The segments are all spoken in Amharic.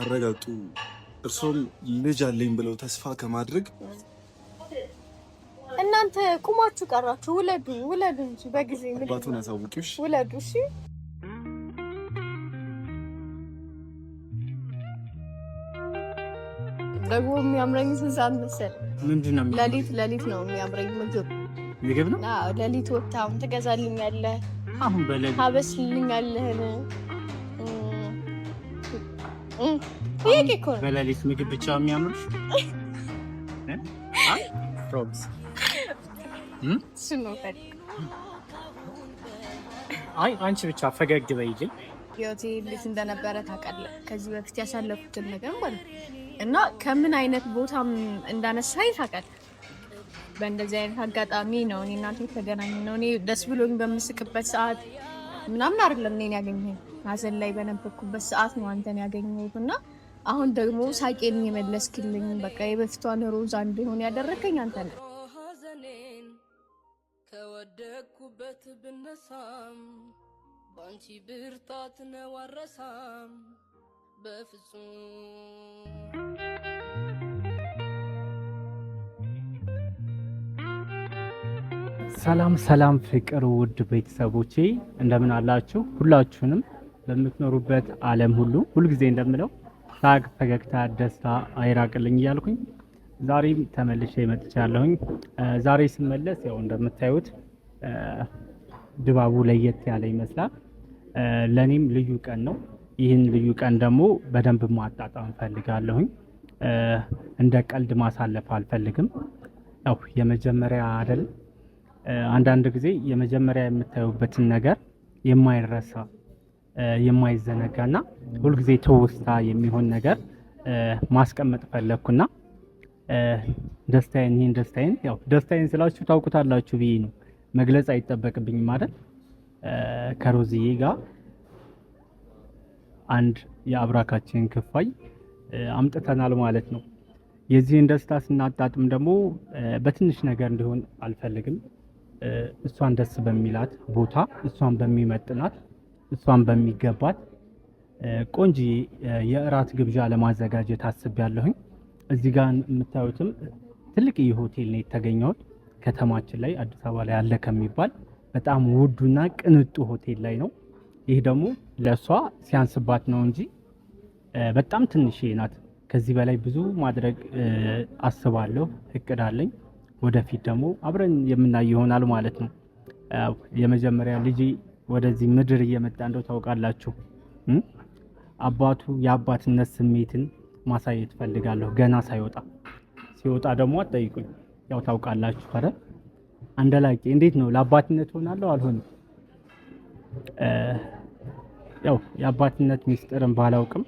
አረጋግጡ። እርሶም ልጅ አለኝ ብለው ተስፋ ከማድረግ እናንተ ቁማችሁ ቀራችሁ። ውለዱ ውለዱ እንጂ በጊዜ ምን አባቱን አሳውቂሽ ውለዱ። እሺ ደግሞ የሚያምረኝ ስንት ሰዓት መሰለህ? ምንድን ነው ለሊት ለሊት ነው የሚያምረኝ ምግብ ምግብ ነው። ለሊት ወጥታ አሁን ትገዛልኛለህ፣ አሁን በለሊት ታበስልኛለህ ነው በሌሊት ምግብ ብቻ የሚያምር አይ አንቺ ብቻ ፈገግ በይ። ህይወቴ እንዴት እንደነበረ ታውቃለህ፣ ከዚህ በፊት ያሳለፉትን ነገር ማለት እና ከምን አይነት ቦታም እንዳነሳኝ ታውቃለህ። በእንደዚህ አይነት አጋጣሚ ነው እኔ እናንተ የተገናኘነው። እኔ ደስ ብሎኝ በምስቅበት ሰዓት ምናምን አይደለም እኔን ያገኘኸኝ ሀዘን ላይ በነበርኩበት ሰዓት ነው አንተን ያገኘሁት እና አሁን ደግሞ ሳቄን የመለስክልኝ በቃ የበፊቷን ሮዛ ሆን ያደረከኝ አንተ ነው። ብነሳም ባንቺ ብርታት ነው አረሳም በፍጹም ሰላም ሰላም፣ ፍቅር ውድ ቤተሰቦቼ እንደምን አላችሁ? ሁላችሁንም በምትኖሩበት ዓለም ሁሉ ሁልጊዜ እንደምለው ሳቅ፣ ፈገግታ፣ ደስታ አይራቅልኝ እያልኩኝ ዛሬም ተመልሼ መጥቻለሁኝ። ዛሬ ስመለስ ያው እንደምታዩት ድባቡ ለየት ያለ ይመስላል። ለእኔም ልዩ ቀን ነው። ይህን ልዩ ቀን ደግሞ በደንብ ማጣጣም ፈልጋለሁኝ። እንደ ቀልድ ማሳለፍ አልፈልግም። ያው የመጀመሪያ አይደል አንዳንድ ጊዜ የመጀመሪያ የምታዩበትን ነገር የማይረሳ የማይዘነጋና ሁልጊዜ ትውስታ የሚሆን ነገር ማስቀመጥ ፈለግኩና ደስታዬን ይህን ደስታዬን ያው ደስታዬን ስላችሁ ታውቁታላችሁ ብዬ ነው መግለጽ አይጠበቅብኝም ማለት ከሮዝዬ ጋር አንድ የአብራካችን ክፋይ አምጥተናል ማለት ነው። የዚህን ደስታ ስናጣጥም ደግሞ በትንሽ ነገር እንዲሆን አልፈልግም። እሷን ደስ በሚላት ቦታ እሷን በሚመጥናት እሷን በሚገባት ቆንጂ የእራት ግብዣ ለማዘጋጀት አስቤያለሁኝ። እዚህ ጋር የምታዩትም ትልቅዬ ሆቴል ነው የተገኘሁት። ከተማችን ላይ አዲስ አበባ ላይ አለ ከሚባል በጣም ውዱና ቅንጡ ሆቴል ላይ ነው። ይህ ደግሞ ለእሷ ሲያንስባት ነው እንጂ በጣም ትንሽ ናት። ከዚህ በላይ ብዙ ማድረግ አስባለሁ፣ እቅዳለኝ። ወደፊት ደግሞ አብረን የምናይ ይሆናል ማለት ነው። የመጀመሪያ ልጄ ወደዚህ ምድር እየመጣ እንደው ታውቃላችሁ፣ አባቱ የአባትነት ስሜትን ማሳየት ፈልጋለሁ ገና ሳይወጣ። ሲወጣ ደግሞ አጠይቁኝ፣ ያው ታውቃላችሁ። ኧረ አንደላቂ እንዴት ነው ለአባትነት ሆናለሁ አልሆንም። ያው የአባትነት ሚስጥርን ባላውቅም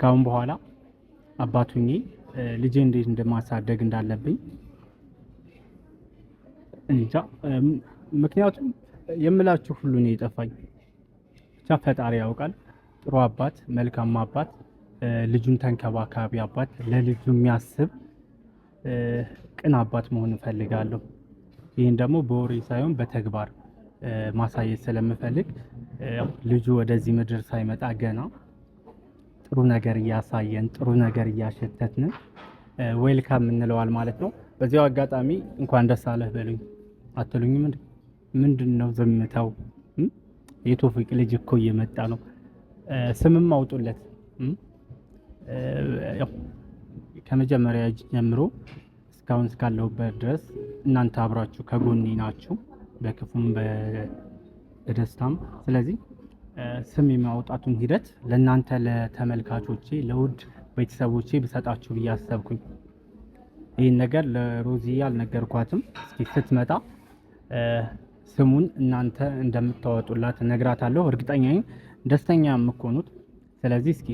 ካሁን በኋላ አባቱ ልጄ እንዴት እንደማሳደግ እንዳለብኝ እንጃ። ምክንያቱም የምላችሁ ሁሉ ነው የጠፋኝ። ብቻ ፈጣሪ ያውቃል። ጥሩ አባት፣ መልካም አባት፣ ልጁን ተንከባካቢ አባት፣ ለልጁ የሚያስብ ቅን አባት መሆን እፈልጋለሁ። ይህን ደግሞ በወሬ ሳይሆን በተግባር ማሳየት ስለምፈልግ ልጁ ወደዚህ ምድር ሳይመጣ ገና ጥሩ ነገር እያሳየን ጥሩ ነገር እያሸተትን ዌልካም እንለዋል ማለት ነው። በዚያው አጋጣሚ እንኳን ደስ አለህ በሉኝ አትሉኝም? ምንድን ነው ዝምታው? የቶፊቅ ልጅ እኮ እየመጣ ነው። ስምም አውጡለት። ከመጀመሪያ ጀምሮ እስካሁን እስካለሁበት ድረስ እናንተ አብራችሁ ከጎኔ ናችሁ፣ በክፉም በደስታም። ስለዚህ ስም የማውጣቱን ሂደት ለእናንተ ለተመልካቾቼ፣ ለውድ ቤተሰቦቼ ብሰጣችሁ ብዬ አሰብኩኝ። ይህን ነገር ለሮዚዬ አልነገርኳትም። እስኪ ስትመጣ ስሙን እናንተ እንደምታወጡላት ነግራታለሁ። እርግጠኛ ደስተኛ የምኮኑት። ስለዚህ እስኪ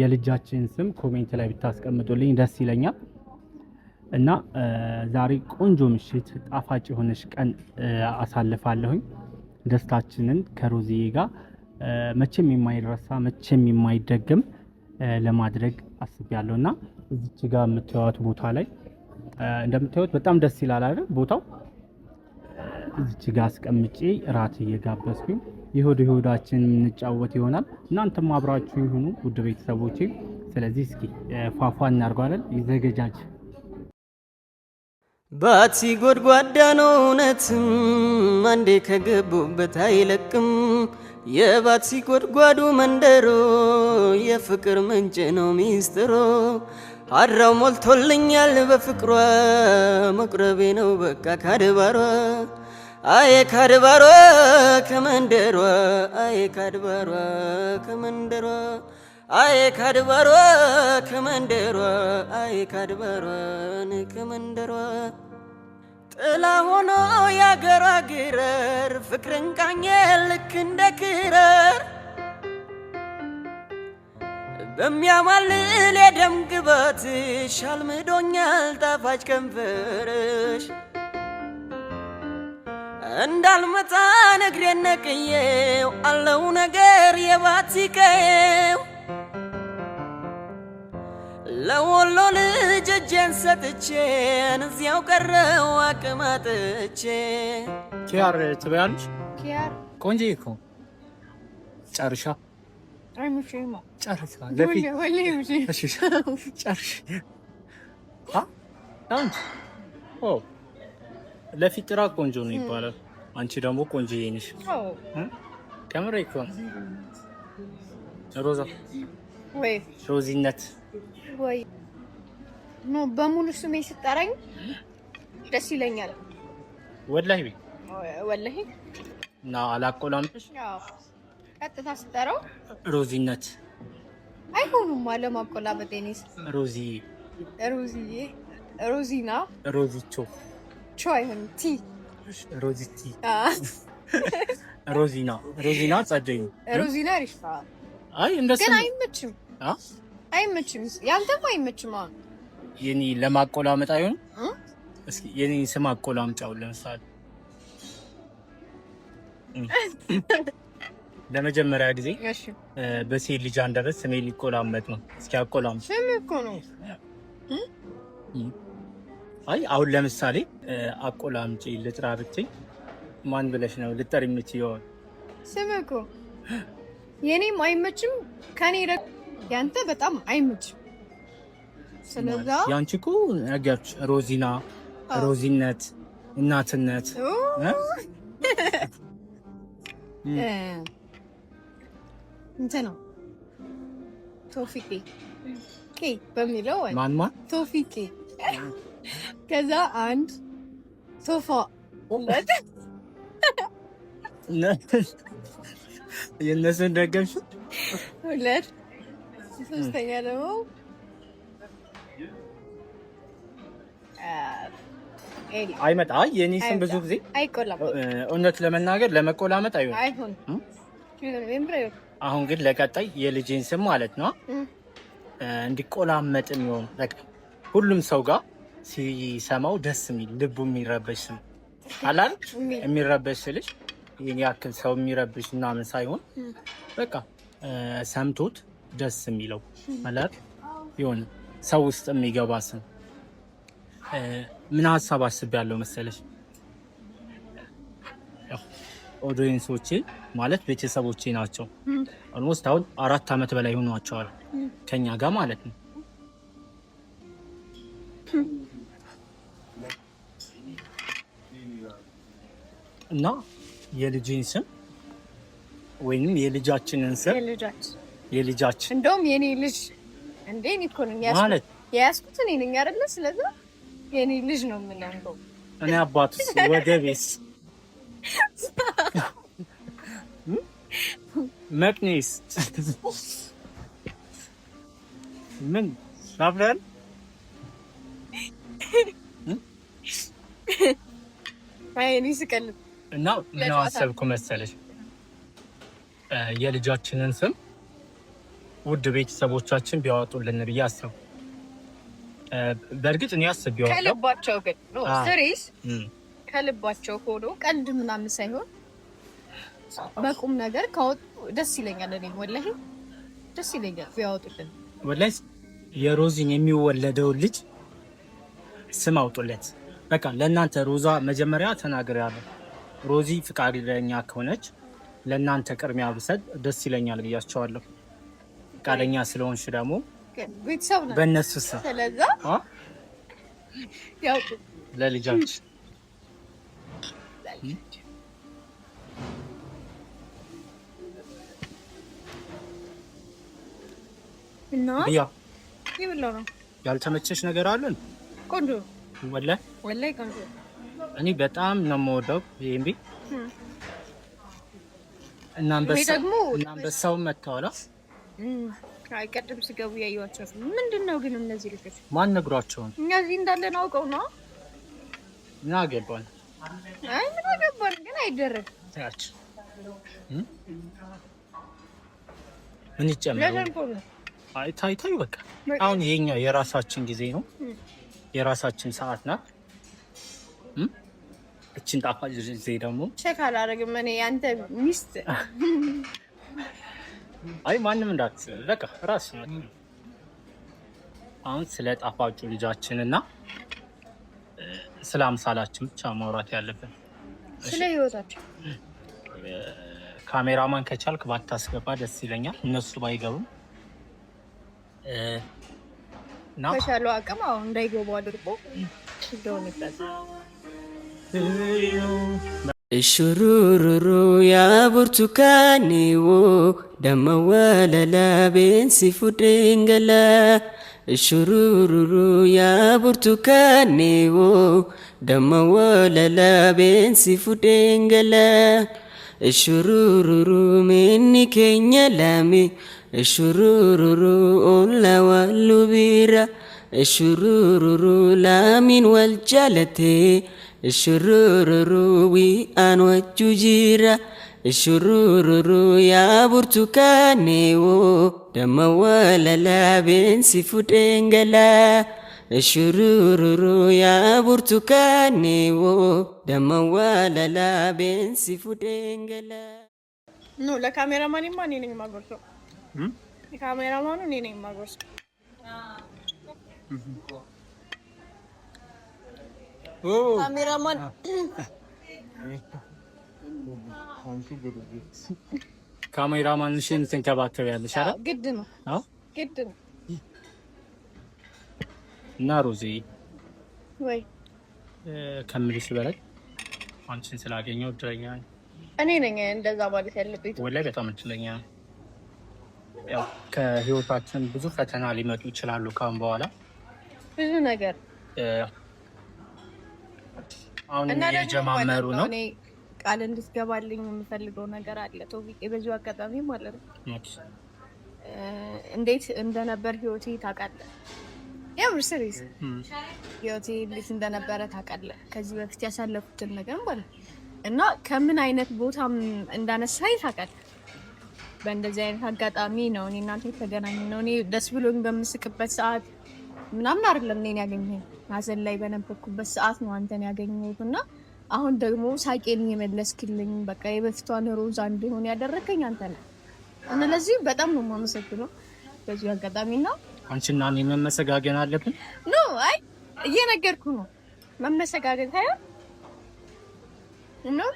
የልጃችን ስም ኮሜንት ላይ ብታስቀምጡልኝ ደስ ይለኛል። እና ዛሬ ቆንጆ ምሽት፣ ጣፋጭ የሆነች ቀን አሳልፋለሁኝ ደስታችንን ከሮዚዬ ጋር መቼም የማይረሳ መቼም የማይደግም ለማድረግ አስቤያለሁ እና እዚች ጋር የምታዩት ቦታ ላይ እንደምታዩት በጣም ደስ ይላል አይደል ቦታው እዚች ጋ አስቀምጬ እራት እየጋበዝኩኝ የሆድ የሆዳችን የምንጫወት ይሆናል። እናንተም አብራችሁ ይሁኑ ውድ ቤተሰቦቼ። ስለዚህ እስኪ ፏፏ እናርጓለን ይዘገጃጅ ባቲ ጎድጓዳ ነው እውነትም፣ አንዴ ከገቡበት አይለቅም። የባቲ ጎድጓዱ መንደሮ የፍቅር ምንጭ ነው ሚስጥሮ። አድራው ሞልቶልኛል በፍቅሯ መቁረቤ ነው በቃ ካድባሯ አይ ከድበሮ ከመንደሮ አይ ከድበሮ ከመንደሮ አይ ከድበሮ ከመንደሮ አይ ከድበሮ ከመንደሯ ጥላ ሆኖ ያገሯ ግረር ፍቅርን ቃኘ ልክ እንደ ክረር በሚያማልል የደም ግባት ሻልምዶኛል ጣፋጭ ከንፈርሽ እንዳልመጣ ነግሬ ነቅዬው አለው ነገር የባቲቀየው ለወሎ ልጅ እጄን ሰጥቼን እዚያው ቀረው አቅም አጥቼ። ኪያር ትበያለሽ? ኪያር ቆንጆ እኮ ጨርሻ ጨርሻ ጨርሻ ለፊጥራ ቆንጆ ነው ይባላል። አንቺ ደግሞ ቆንጆ ነሽ። ከምሬ እኮ ነው። ሮዛ ወይ ሮዚነት ወይ ኖ በሙሉ ስሜ ስጠራኝ ደስ ይለኛል። ወላሂ ወይ ወላሂ ና አላቆላም። ቀጥታ ስጠራው ሮዚነት አይሆኑም። አለማቆላበጤ ሮዚ ሮዚ ሮዚና ሮዚቾ ቹ አይሆንም ቲ ሮዚ ቲ ሮዚና ሮዚና ጸደይ ሮዚና አሪፍ። አይ እንደሱ ግን አይመችም፣ አይመችም። ያንተም አይመችም። አሁን የኔ ለማቆላመጥ አይሆንም። እስኪ የኔ ስም አቆላምጫው ለምሳሌ ለመጀመሪያ ጊዜ በሴት ልጅ አንደበት ስሜ ሊቆላመጥ ነው። እስኪ አቆላምጥ ስም እኮ ነው አይ አሁን ለምሳሌ አቆላ አምጪ ልጥራ ብትይ ማን ብለሽ ነው ልጠሪ የምትይው? ስም እኮ የኔም አይመችም ከኔ ረ ያንተ በጣም አይመችም። ስለዛ ያንቺ እኮ ነገርኩሽ፣ ሮዚና፣ ሮዚነት፣ እናትነት እንትን ነው ቶፊቄ በሚለው ማን ማን ቶፊቄ ከዛ አንድ ሶፋ ሁለት የእነሱን ደገምሽ ሁለት ሶስተኛ ደግሞ አይመጣ የኔ ስም ብዙ ጊዜ እውነት ለመናገር ለመቆላመጥ አይሆን። አሁን ግን ለቀጣይ የልጅን ስም ማለት ነው እንዲቆላመጥ የሚሆን ሁሉም ሰው ጋር ሲሰማው ደስ የሚል ልቡ የሚረበሽ ስም አላል የሚረበሽ ስልሽ ይህን ያክል ሰው የሚረብሽ ምናምን ሳይሆን በቃ ሰምቶት ደስ የሚለው ማለት የሆነ ሰው ውስጥ የሚገባ ስም። ምን ሀሳብ አስብ ያለው መሰለሽ ኦዲየንሶቼ ማለት ቤተሰቦቼ ናቸው። ኦልሞስት አሁን አራት ዓመት በላይ ሆኗቸዋል ከኛ ጋር ማለት ነው። እና የልጅንስም ወይንም የልጃችንን ስም የልጃችን እንደውም የኔ ልጅ እንዴ እኔ እኮ ነኝ ማለት የያዝኩት እኔ ነኝ አይደለ? ስለዚህ የኔ ልጅ ነው የምለው። እኔ አባቱስ ወደ ቤስ መቅኔስ ምን አብረን እኔ ስቀልድ እና ምን አሰብኩ መሰለሽ የልጃችንን ስም ውድ ቤተሰቦቻችን ቢያወጡልን ብዬ አሰብኩ። በእርግጥ እኔ አስቤው ከልባቸው ግን ስሪስ ከልባቸው ሆኖ ቀልድ ምናምን ሳይሆን በቁም ነገር ካወጡ ደስ ይለኛል። እኔ ወላሂ ደስ ይለኛል ቢያወጡልን። ወላሂ የሮዚን የሚወለደውን ልጅ ስም አውጡለት። በቃ ለእናንተ ሮዛ መጀመሪያ ተናግሬያለሁ። ሮዚ ፍቃደኛ ከሆነች ለእናንተ ቅድሚያ ብሰጥ ደስ ይለኛል ብያቸዋለሁ። ፍቃደኛ ስለሆንሽ ደግሞ በእነሱ ለልጃች ያልተመቸሽ ነገር አለን? ቆንጆ ወላሂ ወላሂ ቆንጆ እኔ በጣም ነው የምወደው ይሄን ቤት እና አንበሳው መታወላ አይቀድም ስገቡ ያየዋቸው ምንድን ነው ግን እነዚህ ልጆች ማን ነግሯቸው ነው እነዚህ እንዳለን አውቀው ነው ምን አገባን አይ ምን አገባን ግን አይደረግ ታች ምን ይጨምራል አይ ታይ ታይ በቃ አሁን የኛ የራሳችን ጊዜ ነው የራሳችን ሰዓት ናት እችን ጣፋጭ ዜ ደግሞ ቼክ አላደርግም። እኔ ያንተ ሚስት አይ ማንም እንዳት በቃ ራስ አሁን ስለ ጣፋጩ ልጃችን ልጃችንና ስለ አምሳላችን ብቻ ማውራት ያለብን ስለ ህይወታችን። ካሜራማን ከቻልክ ባታስገባ ደስ ይለኛል፣ እነሱ ባይገቡም ከቻለው አቅም አሁን እንዳይገቡ አድርጎ እንደሆንበት እሹሩሩሩ ያቡርቱካኒው ደመወለለ ቤንሲፉ ድንገለ እሹሩሩሩ ያቡርቱካኒው ደመወለለ ቤንሲፉ ድንገለ እሹሩሩሩ ሚኒ ኬኛ ላሚ እሹሩሩሩ ኦላዋሉ ቢራ እሹሩሩሩ ላሚን ወልጃለቴ እሹሩሩሩ ዊአን ወጁ ጂራ እሹሩሩሩ ያ ቡርቱካኔዎ ደመወለላ ቤንሲ ፉዴንገላ እሹሩሩሩ ያ ቡርቱካኔዎ ደመወለላ ቤንሲ ፉዴንገላ ኑ ለካሜራማንማ እኔ ነኝ የማጎርሰው። የካሜራማኑ እኔ ነኝ የማጎርሰው። Oh. Ah. ካሜራማን ሽን ካሜራማንሽን ያለሽ አይደል? ግድ ነው። አዎ ግድ ነው። እና ሮዚ ወይ ከምልሽ በላይ አንቺን ስላገኘው እድለኛ እኔ ነኝ። እንደዛ ማለት ያለብኝ ወላሂ በጣም እድለኛ። ያው ከህይወታችን ብዙ ፈተና ሊመጡ ይችላሉ። ካሁን በኋላ ብዙ ነገር አሁን እየጀማመሩ ነው። ቃል እንድትገባልኝ የምፈልገው ነገር አለ ቶፊቅ፣ በዚሁ አጋጣሚ ማለት ነው። እንዴት እንደነበር ህይወቴ ታውቃለህ፣ የምር ስሪስ ህይወቴ እንዴት እንደነበረ ታውቃለህ፣ ከዚህ በፊት ያሳለፉትን ነገር ማለት እና ከምን አይነት ቦታም እንዳነሳኝ ታውቃለህ። በእንደዚህ አይነት አጋጣሚ ነው እኔ እናንተ የተገናኘ ነው። እኔ ደስ ብሎኝ በምስቅበት ሰዓት ምናምን አይደለም እኔን ያገኘኝ ሐዘን ላይ በነበርኩበት ሰዓት ነው አንተን ያገኘሁት እና አሁን ደግሞ ሳቄን የመለስክልኝ በቃ የበፊቷን ሮዛ እንዲሆን ያደረከኝ አንተ ነህ እና ለዚህ በጣም ነው የማመሰግነው በዚሁ አጋጣሚ ና አንቺና እኔ መመሰጋገን አለብን። ኖ አይ እየነገርኩ ነው መመሰጋገን ታየ ነው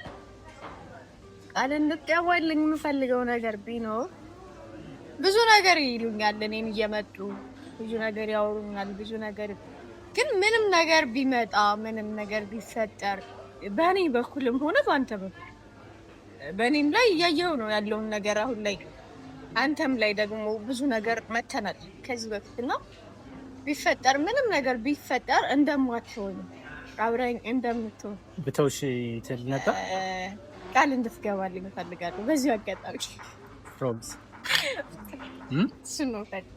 ቃል እንድትቀበልኝ የምፈልገው ነገር ቢኖር ብዙ ነገር ይሉኛል እኔን እየመጡ ብዙ ነገር ያወሩናል። ብዙ ነገር ግን ምንም ነገር ቢመጣ ምንም ነገር ቢፈጠር በእኔ በኩልም ሆነ በአንተ በኩል በእኔም ላይ እያየው ነው ያለውን ነገር አሁን ላይ አንተም ላይ ደግሞ ብዙ ነገር መተናል ከዚህ በፊት እና ቢፈጠር ምንም ነገር ቢፈጠር እንደማትሆን አብረኝ እንደምትሆን ብተውሽ ትል ነበር ቃል እንድትገባል ይፈልጋሉ በዚሁ አጋጣሚ ፕሮሚስ እሱን ነው እፈልግ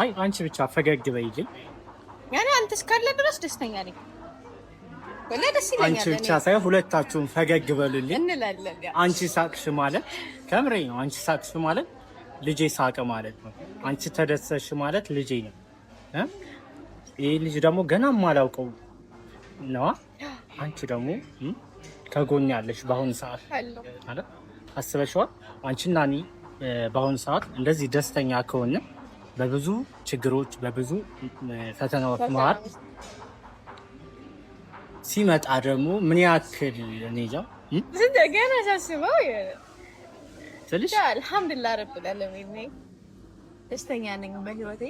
አይ አንቺ ብቻ ፈገግ በይልኝ። ያኔ አንተ እስካለ ድረስ ደስተኛ ነኝ። ወላ ደስ ይለኛል። አንቺ ብቻ ሳይሆን ሁለታችሁም ፈገግ በሉልኝ እንላለን። አንቺ ሳቅሽ ማለት ከምሬ ነው። አንቺ ሳቅሽ ማለት ልጄ ሳቀ ማለት ነው። አንቺ ተደሰሽ ማለት ልጄ ነው። ይሄ ልጅ ደግሞ ገና ማላውቀው ነዋ። አንቺ ደግሞ ከጎን ያለሽ በአሁኑ ሰዓት አስበሽዋል። አንቺና እኔ በአሁኑ ሰዓት እንደዚህ ደስተኛ ከሆነ በብዙ ችግሮች በብዙ ፈተናዎች መሀል ሲመጣ ደግሞ ምን ያክል እኔ እንጃ ገና ሳስበው ትልሽ አልሐምዱሊላህ ረብል ዓለሚን ደስተኛ ነኝ በህይወቴ።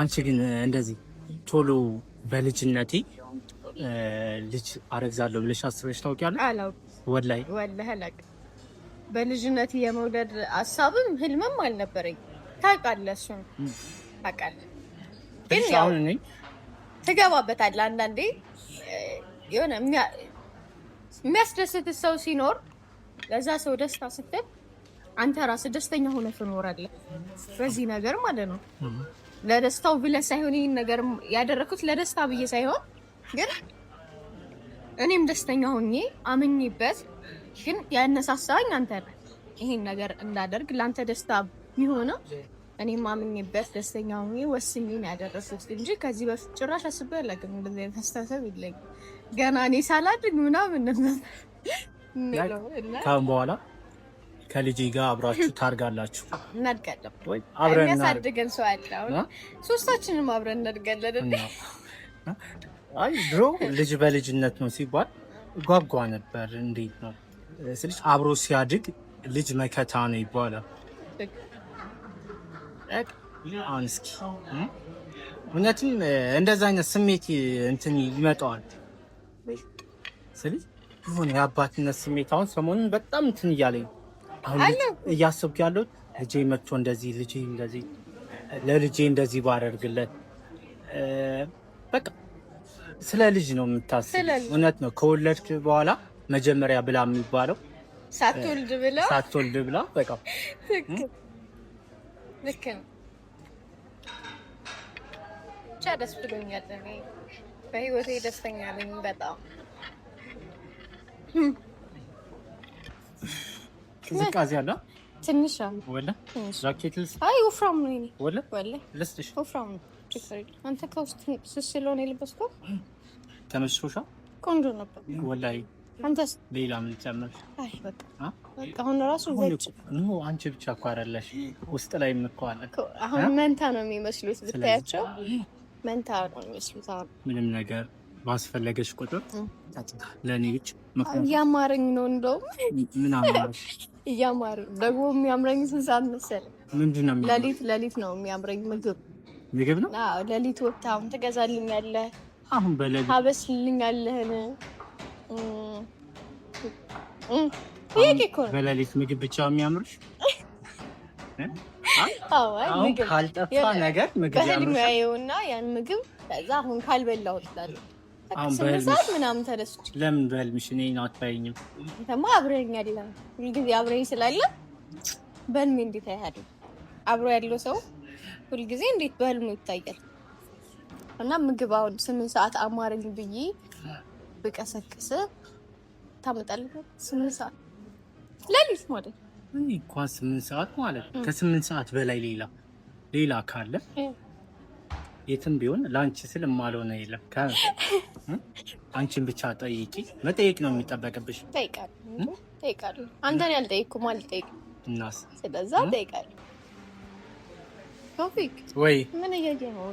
አንቺ ግን እንደዚህ ቶሎ በልጅነቴ ልጅ አረግዛለሁ ብለሽ አስበሽ ታውቂያለሽ? ወላይ ወላሂ አላውቅም። በልጅነቴ የመውለድ ሀሳብም ህልምም አልነበረኝ። ታውቃለህ፣ እሱን ታውቃለህ። ግን ያው ትገባበታለህ። አንዳንዴ የሆነ የሚያስደስትህ ሰው ሲኖር ለዛ ሰው ደስታ ስትል አንተ ራስህ ደስተኛ ሆነህ ትኖራለህ። በዚህ ነገር ማለት ነው። ለደስታው ብለህ ሳይሆን ይህን ነገር ያደረኩት ለደስታ ብዬ ሳይሆን ግን እኔም ደስተኛ ሆኜ አምኜበት ግን ያነሳሳኝ አንተ ነህ። ነገር እንዳደርግ ለአንተ ደስታ ቢሆንም እኔም አምኜበት ደስተኛ ሆኜ ወስኜ ነው ያደረሱት እንጂ ከዚህ በፊት ጭራሽ አስቤ አላውቅም። እንደዚህ አይነት አስተሳሰብ የለኝም። ገና እኔ ሳላድግ ምናምን ካሁን በኋላ ከልጅ ጋር አብራችሁ ታርጋላችሁ። እናድጋለን፣ የሚያሳድገን ሰው አለ። ሶስታችንም አብረን እናድጋለን። አይ ድሮ ልጅ በልጅነት ነው ሲባል ጓጓ ነበር። እንዴት ነው ስልሽ አብሮ ሲያድግ ልጅ መከታ ነው ይባላል። ለመልቀቅ አሁን እስኪ እውነትም እንደዛ አይነት ስሜት እንትን ይመጣዋል ስልህ የሆነ የአባትነት ስሜት አሁን ሰሞኑን በጣም እንትን እያለኝ አሁን እያሰብኩ ያለሁት ልጄ መጥቶ እንደዚህ ልጄ እንደዚህ ለልጄ እንደዚህ ባደርግለት በቃ ስለ ልጅ ነው የምታስብ። እውነት ነው። ከወለድክ በኋላ መጀመሪያ ብላ የሚባለው ሳትወልድ ብላ ሳትወልድ ብላ በቃ ልክ ነው። ብቻ ደስ ብሎኛል። እኔ በህይወቴ ደስተኛ ነኝ በጣም ቅዝቃዜ አለ ትንሽ ወለ ጃኬት ልስ አይ ወፍራም ነው ይሄ ወለ ወለ ልስጥሽ ወፍራም ነው አንተ ከውስጥ ስስ ስለሆነ የለበስኩት ተመችቶሻል ቆንጆ ነበር ወላይ አንተስ ሌላ ምን ጨመርሽ አይ በቃ አሁን ራሱ አንቺ ብቻ እኮ አይደለሽ፣ ውስጥ ላይ የምትኳለ አሁን መንታ ነው የሚመስሉት። ብታያቸው መንታ ነው የሚመስሉት። ምንም ነገር ባስፈለገሽ ቁጥር ለእኔ ብቻ እያማረኝ ነው። እንደውም ምን አማረሽ? እያማረኝ ደግሞ የሚያምረኝ ስንሳት ሰዓት መሰለህ? ምንድን ነው ለሊት ለሊት ነው የሚያምረኝ። ምግብ ምግብ ነው ለሊት ወቅት አሁን ትገዛልኛለህ፣ አሁን በለሊት ታበስልልኛለህን በሌሊት ምግብ ብቻ የሚያምርሽ ካልጠፋ ነገር ምግብ ያን ምግብ ከዛ አሁን ካልበላው ምናምን ተደስች ለምን በህልምሽ እኔ ነው ተማ አብረኝ ያለ ሁልጊዜ አብረኝ ስላለ በህልሜ እንዴት አብሮ ያለው ሰው ሁልጊዜ እንዴት በህልሙ ይታያል? እና ምግብ አሁን ስምንት ሰዓት አማረኝ ብዬ ብቀሰቅስ ታመጣለህ ስምንት ሰዓት ለሊት ማለት እንኳን ስምንት ሰዓት ማለት ከስምንት ሰዓት በላይ ሌላ ሌላ ካለ የትም ቢሆን ለአንቺ ስል የማልሆነ የለም። አንቺን ብቻ ጠይቂ። መጠየቅ ነው የሚጠበቅብሽ። ጠይቃለሁ ጠይቃለሁ። አንተን ያልጠይቅኩም አልጠይቅም። እናስ ስለዛ ጠይቃል። ቶፊክ ወይ ምን እያየ ነው?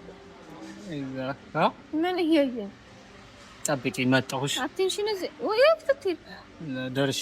ምን እያየ ጠብቂ መጣሁሽ። አቴንሽን ደርሽ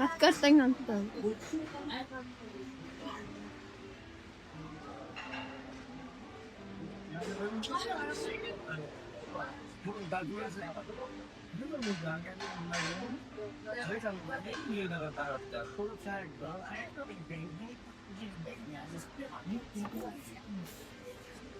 Akkor tegnap tudom. Yeah.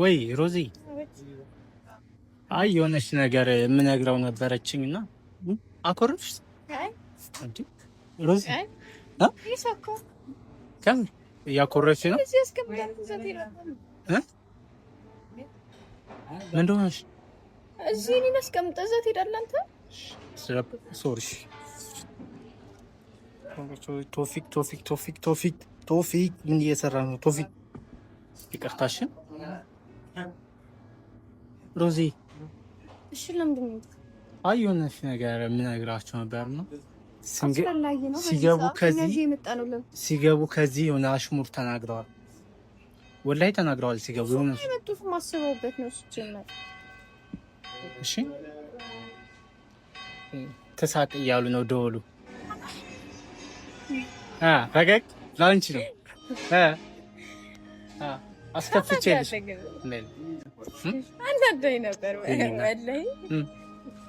ወይ ሮዚ፣ አይ የሆነች ነገር የምነግረው ነበረችኝ እና አኮረፍሽ ሮዚ? ከምር እያኮረፍሽ ነው? ምንድን ሆነሽ? እዚህ እኔን አስቀምጠህ እዛ ትሄዳለህ አንተ። ሶሪ ቶፊክ ቶፊክ ቶፊክ ቶፊክ ቶፊክ ምን እየሰራ ነው? ቶፊክ ይቅርታሽን ሮዚ እሺ፣ ለምንድን ነው ነገር የምነግራቸው ነበር ነው ሲገቡ ከዚህ የሆነ አሽሙር ተናግረዋል። ወላይ ተናግረዋል። ሲገቡ ነው። እሺ ተሳቅ እያሉ ነው ደወሉ ፈገግ ላንቺ ነው አስከፍቼልሽ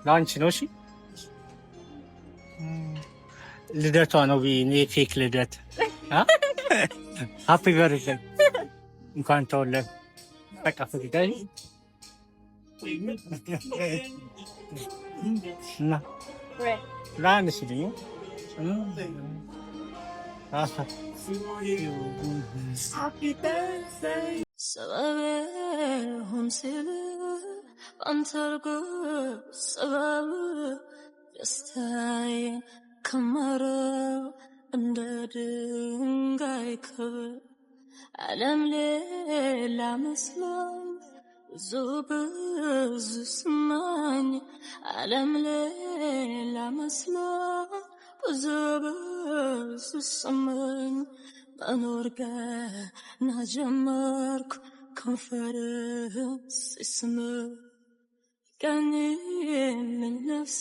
ላንቺ ነው። እሺ ልደቷ ነው እኔ ፌክ ልደት ሀፒ በርዝ እንኳን ተወለድ በቃ ፍቅዳ እና ላንስ ልዩ Happy birthday. Sabah homselu antargo sabah yastay kamara under the cover. ዓለም ሌላ መስሎኝ ብዙ ብዙ ስማኝ ዓለም ሌላ መስሎኝ ብዙ ብዙ ሲሰማኝ መኖር ገና ጀመርኩ ከንፈርህ ሲስምህ ይቀንልኝ ነፍስ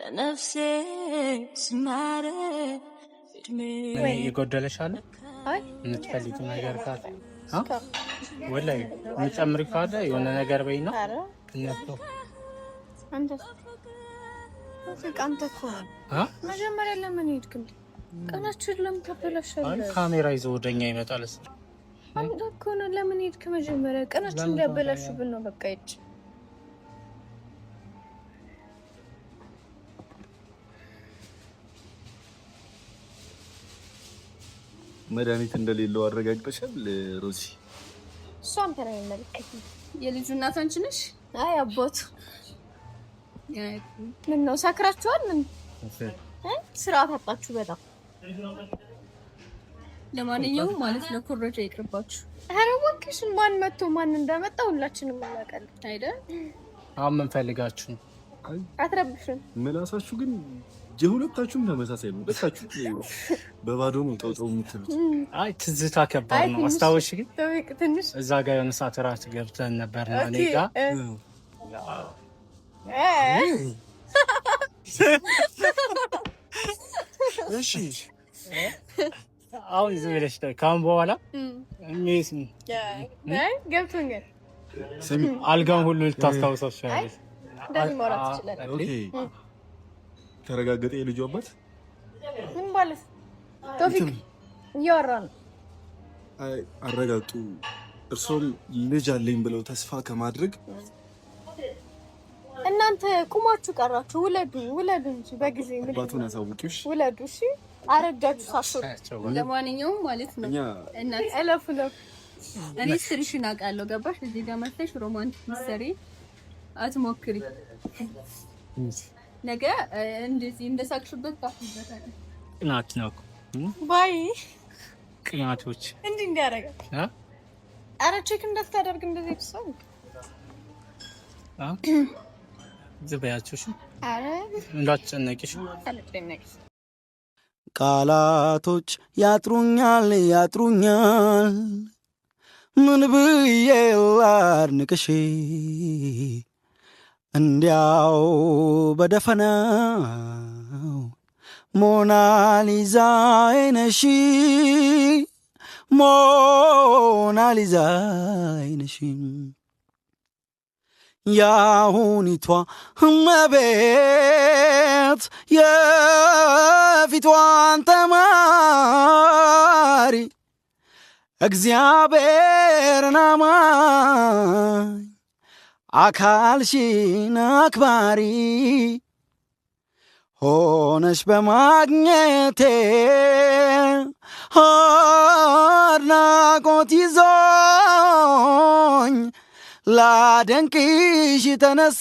ለነፍሴ የጎደለሽ አለ የምትፈልጊው ነገር ካለ ወላሂ የምጨምሪ ካለ የሆነ ነገር በይ ነው እነቶ መጀመሪያ ለምን ሄድክ? ቀናችን ለምን ታበላሻለህ? ካሜራ ይዞ ወደኛ ይመጣል። አንተ እኮ ነው። ለምን ሄድክ? መጀመሪያ ቀናችን እንዳያበላሹብን ነው። በቃ ሂድ። መድኃኒት እንደሌለው አረጋግጠሻል ሮዚ? እሷ አንተ ነው የልጁ እናት አንቺ ነሽ? አይ አቦቱ ምን ነው ሰክራችኋል? ምን ስርዓት አጣችሁ በጣም። ለማንኛውም ማለት ነው ኮረጃ ይቅርባችሁ። ኧረ ወክሽ ማን መጥቶ ማን እንደመጣ ሁላችንም እናውቃለን አይደል? አሁን ምን ፈልጋችሁ? አትረብሹን። ምላሳችሁ ግን የሁለታችሁም ተመሳሳይ ነው። በታችሁ በባዶ ነው ጠውጠው የምትሉት። አይ ትዝታ ከባድ ነው። አስታወሽ ግን እዛ ጋር የሆነ ሰዓት እራት ገብተን ነበር እኔ ጋር እሺ አሁን ዝም ብለሽ ካሁን በኋላ ገብቶኛል። አልጋውን ሁሉ ልታስታውሳሽ ተረጋገጠ። የልጁ አባት ምን ባለስ ቶፊክ እያወራ ነው። አረጋግጡ እርሶም ልጅ አለኝ ብለው ተስፋ ከማድረግ እናንተ ቁማችሁ ቀራችሁ። ውለዱ ውለዱ እንጂ በጊዜ አባቱን አሳውቂሽ ውለዱ። እሺ አረዳችሁ ሳሶ ለማንኛውም ማለት ነው እና እለፍ እለፍ። እኔ ስርሽን አውቃለሁ። ገባሽ? እዚህ ጋር መተሽ ሮማንቲክ ምሰሪ አትሞክሪ። ነገ እንደዚህ እንደሳቅሽበት ታፍበታል። ቅናት ነው ባይ ቅናቶች እንዲህ እንዲያረጋ አረ ቼክ እንዳታደርግ እንደዚህ ሰው ዝበያችሽ እንዳትጨነቂሽ። ቃላቶች ያጥሩኛል ያጥሩኛል፣ ምን ብዬ ላድንቅሽ? እንዲያው በደፈናው ሞናሊዛ አይነሺ ሞናሊዛ አይነሺ ያሁኒቷ እመቤት የፊቷን ተማሪ እግዚአብሔርን አማኝ አካልሽን አክባሪ ሆነሽ በማግኘቴ አድናቆት ይዞኝ ላደንቅሽ ተነሳው